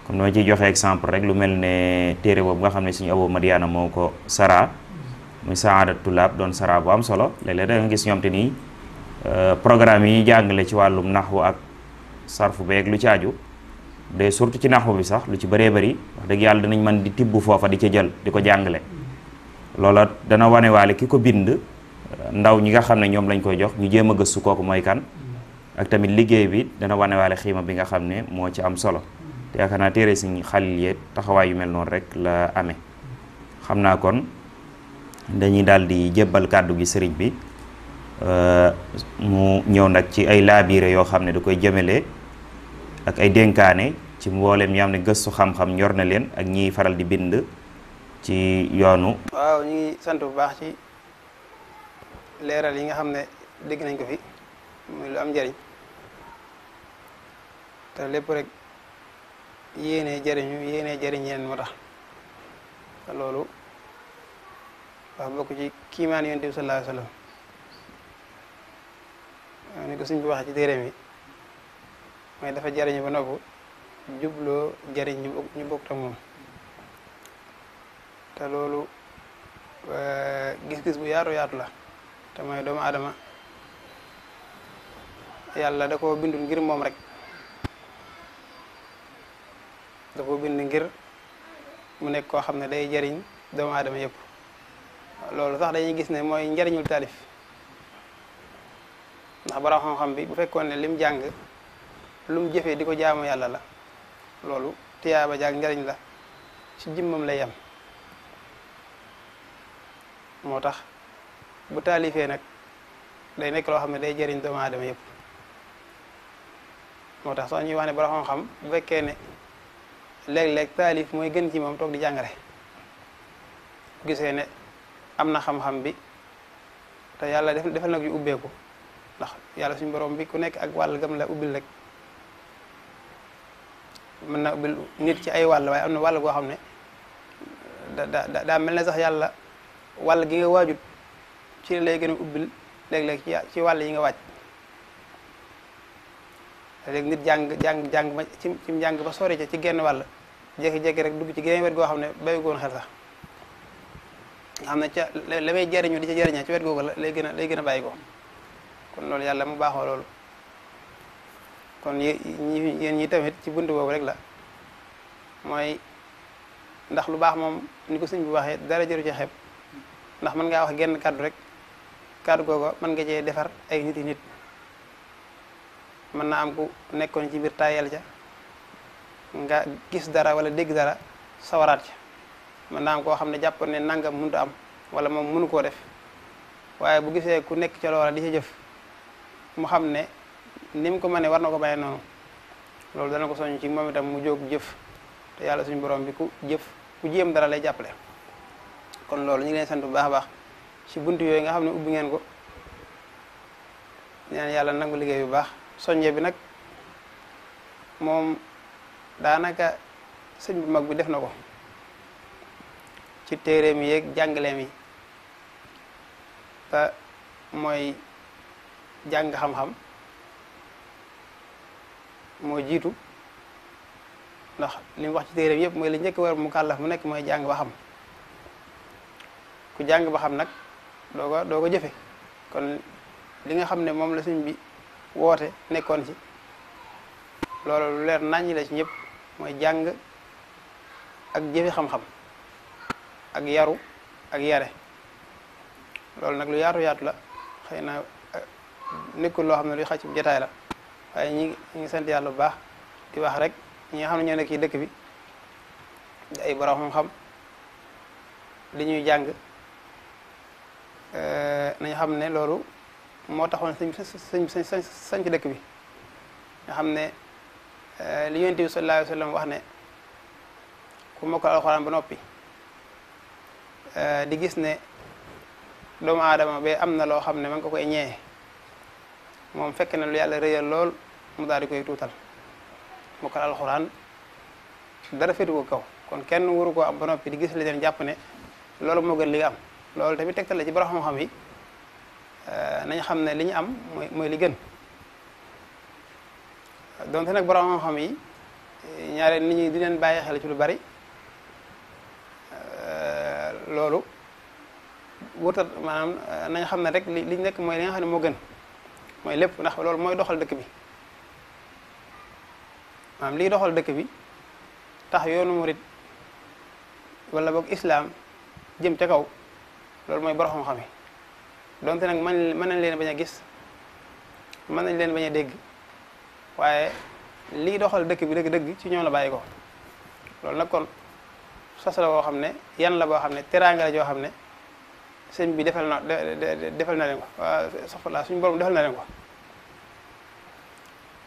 comme dama ci joxe exemple rek lu melne ne téere nga xam suñ abo madiana moko sara muy saada tulaab don sara bu am solo léeg-léeg da nga gis ñom te euh programme yi ñuy ci walum nahwu ak sarfu beek lu ci aju de surtout ci naxu bi sax lu ci bëree bëri wax dëgg yàlla man di tibbu fofa di ci jël di ko jàngale dana wane walé ki ko bind ndaw ñi nga xamné ñom lañ koy jox ñu jéem a koku moy kan ak tamit liggéey bi dana wane walé xima bi nga xamné ne ci am solo te akana naa téere xalil yee taxaway yu mel non rek la amé xamna kon dañuy dal di jébbal kàddu gi sëriñ bi euh, mu ñëw nak ci ay labiré yo xamné ne koy ak ay dénkaane ci mbooleem ñi am ne gëstu xam-xam ñor na leen ak ñiy faral di bind ci yoonu. waaw ñu sant bu baax ci leeral yi nga xam ne dégg nañ ko fi muy lu am njariñ te lépp rek yéenee jariñu yéenee jariñ yeneen moo tax loolu wax bokk ci kiimaan yonent bi sallallahu wa sallam ni ko suñ bi waxee ci téeréem yi mooy dafa jariñu ba noppi jubloo jariñ ñu ñu bokk moom te loolu eh, gis-gis bu yaatu yaatu la te mooy doomu adama yàlla da koo bindul ngir moom rek da koo bind ngir mu nekk koo xam ne day jariñ doomu aadama yëpp loolu sax dañuy gis ne mooy njariñul taalif ndax borom xam-xam bi bu fekkoon ne lim jàng lu mu jëfee di ko jaamu yàlla la loolu tiyaaba jaag njariñ la ci jëmmam lay am moo tax bu taalifee nag day nekk loo xam ne day jëriñ doomu aadama yëpp moo tax sax ñuy wax ne borom xam bu fekkee ne léeg-léeg taalif mooy gën ci moom toog di jàngale gisee ne am na xam-xam bi te yàlla defal na ko ci ubbeeku ndax yàlla suñ borom bi ku nekk ak wàll gam la ubbil rek mën na ubbil nit ci ay wàll waaye am na wàll goo xam ne da da mel ne sax yàlla wàll gi nga waajut ci lay gën a ubbil léeg-léeg ci wàll yi nga waaj léeg nit jàng jàng jàng ba ci ci njàng ba sori ca ci genn wàll jékki-jékki rek dugg ci geneen wet goo xam ne béyu goon xel sax nga xam ca la may jariñu di ca jariña ci wet googu la lay gën a lay gën a bàyyi kon loolu yàlla mu baaxoo loolu kon yéen ñi tamit ci bunt boobu rek la mooy ndax lu baax moom ni ko sëñ bu waxee dara jaru ci xeeb ndax mën ngaa wax genn kàddu rek kàddu googu mën nga cee defar ay nit yi nit mën na am ku nekkoon ci biir tayel ca nga gis dara wala dégg dara sawaraat ca mën naa am koo xam ne jàppoon ne nangam mënut am wala moom mënu koo def waaye bu gisee ku nekk ca loola di ca jëf mu xam ne nim ko mane war na ko bàyyi noonu loolu dana ko soññ ci moom itam mu jóg jëf te yàlla suñu borom bi jëf ku jéem dara lay jàppale kon loolu ñu ngi leen sant bu baax a baax ci bunt yooyu nga xam ne ubbi ngeen ko ñaan yàlla nangu liggéey bu baax soññe bi nag moom daanaka sëñ bu mag bi def na ko ci téeréem yi yeeg jàngaleem yi ba mooy jàng xam-xam moo jiitu ndax li mu wax ci téere bi yëpp mooy li njëkk war mu kàllaf mu nekk mooy jàng ba xam ku jàng ba xam nag doo ko doo ko jëfe kon li nga xam ne moom la suñ bi woote nekkoon ci loolu lu leer naññ la ci ñëpp mooy jàng ak jëfe xam-xam ak yaru ak yare loolu nag lu yaatu yaatu la xëy na eh, nekkul loo xam ne luy xàcc jataay la waaye ñi ñu ngi sant yàlla bu baax di wax rek ñi nga xam ne ñoo nekk ci dëkk bi di ay borom xam li ñuy jàng eh, nañu xam ne loolu moo taxoon sañ sañ sañ sañ ci dëkk bi nga xam ne eh, li yonent bi sallallahu alayhi wa sallam wax ne ku mokkal alxuraan ba noppi eh, di gis ne doomu aadama ba am na loo xam ne man ko koy ñee moom fekk na lu yàlla rëyal lool mu daal di koy tuutal mokkal alxuraan dara féetu kaw kon kenn waru koo am ba noppi di gis li leen jàpp ne loolu moo gën li nga am loolu tamit tegtal la ci borom xam-xam yi eh, ne li ñu am mooy mooy li nag borom yi eh, ñaareel nit ñi di leen bàyyi xel ci lu bari eh, loolu wutat maanaam nañ xam ne rek li liñ nekk mooy li xam ne moo gën mooy lépp ndax loolu mooy doxal dëkk bi maanaam liy doxal dëkk bi tax yoonu murit wala boog islaam jëm ca kaw loolu mooy borom xam-xam yi donte nag mën mën nañ leen bañ a gis mën nañ leen bañ a dégg waaye lii doxal dëkk bi dëgg-dëgg ci ñoom la bàyyi ko loolu nag kon sas la xam ne yan la boo xam ne teraanga la joo xam ne sëñ bi defal na defal na leen ko waaw soxla suñu borom defal na leen ko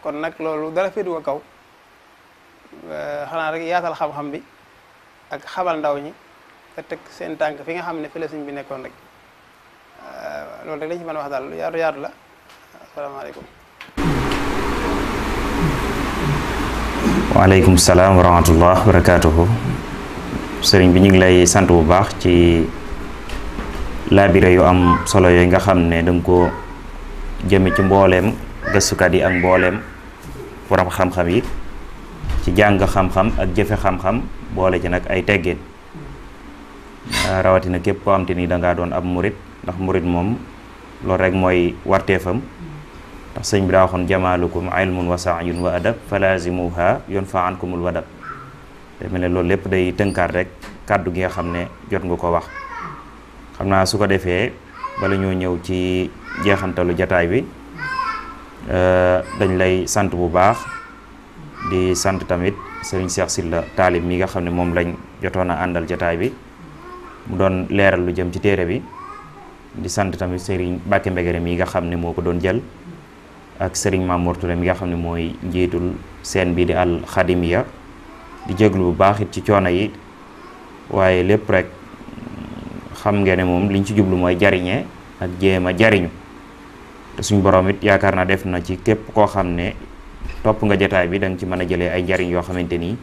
kon nag loolu dara féetu ko kaw Euh, xanaa rek yaatal xam-xam bi ak xamal ndaw ñi te teg seen tànk fi nga xam ne fi la sëñ bi nekkoon rek euh, loolu rek lañ ci mën a wax daal lu yaatu yaatu la asalaamaaleykum. waaleykum salaam wa rahmatullah barakaatuhu sëriñ bi ñu ngi lay sant bu baax ci laabire yu am solo yooyu nga xam ne danga ko jëme ci mbooleem gëstukat yi ak mbooleem borom xam-xam yi ci jàng xam-xam ak jëfe xam-xam boole ji nag ay teggin ah, rawatina képp koo xam te ni dangaa doon ab murit ndax murit moom loolu rek mooy warteefam ndax sëñ bi daa waxoon jamaalukum ilmun wa saayun wa adab falazimuha yoon fa ankumul wadab te mel ne loolu lépp day tënkaat rek kàddu gi xam ne jot nga ko wax xam naa su ko defee bala ñoo ñëw ci jeexantalu jataay bi ah, dañ lay sant bu baax di sant tamit serigne Cheikh sila talib mi nga xamne mom lañ jotona andal jotaay bi mu don leral lu jëm ci téré bi di sant tamit serigne bakke Mbegere mi nga xamne moko don jël ak serigne Mamour Touré mi nga xamne moy mooy sen bi di Al Khadimiya di jéglu bu baax ci coono yi waaye lépp rek xam ngeene mom liñ ci djublu moy jariñe ak jéem jariñu suñ borom it def na ci képp ko xam topp nga jataay bi danga ci mën a jëlee ay njariñ yoo xamante nii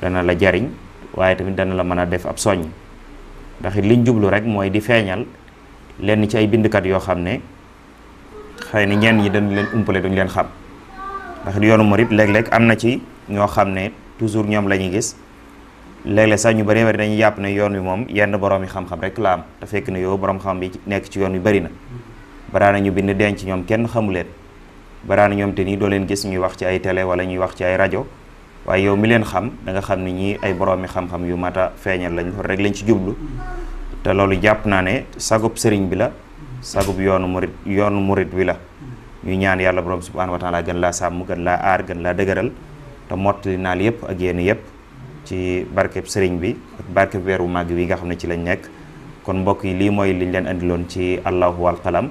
dana la jariñ waaye tamit dana la mën a def ab soññ ndax liñ jublu rek mooy di feeñal lenn ci ay bindkat yoo xam ne xëy na ñenn ñi dañ leen umpale duñ leen xam ndax yoonu murit léeg-léeg am na ci ñoo xam ne toujours ñoom la ñuy gis léeg-léeg sax ñu bare bari dañuy jàpp ne yoon wi moom yenn borom yi xam-xam rek la am te fekk ne yow borom xam bi nekk ci yoon wi bari na ba daana ñu bind denc ñoom kenn xamu leen baraan ñom te nii doo leen gis ñuy wax ci ay télé wala ñuy wax ci ay rajo waye yow mi leen xam da nga xam ni ñi ay mi xam-xam yu mata feñal lañ loolu rek lañ ci jublu te loolu japp na ne sagub sëriñ bi la sagub yoonu murid yoonu murid wi la ñu ñaan yalla borom subhanahu wa taala gën laa sàmm gën la ar gën la dëgëral te motti naal yépp ak yéen yépp ci barkeb sëriñ bi ak barkeb wëru mag wi nga xam ci lañ nekk kon mbokk yi lii mooy liñ leen andiloon ci allahu al qalam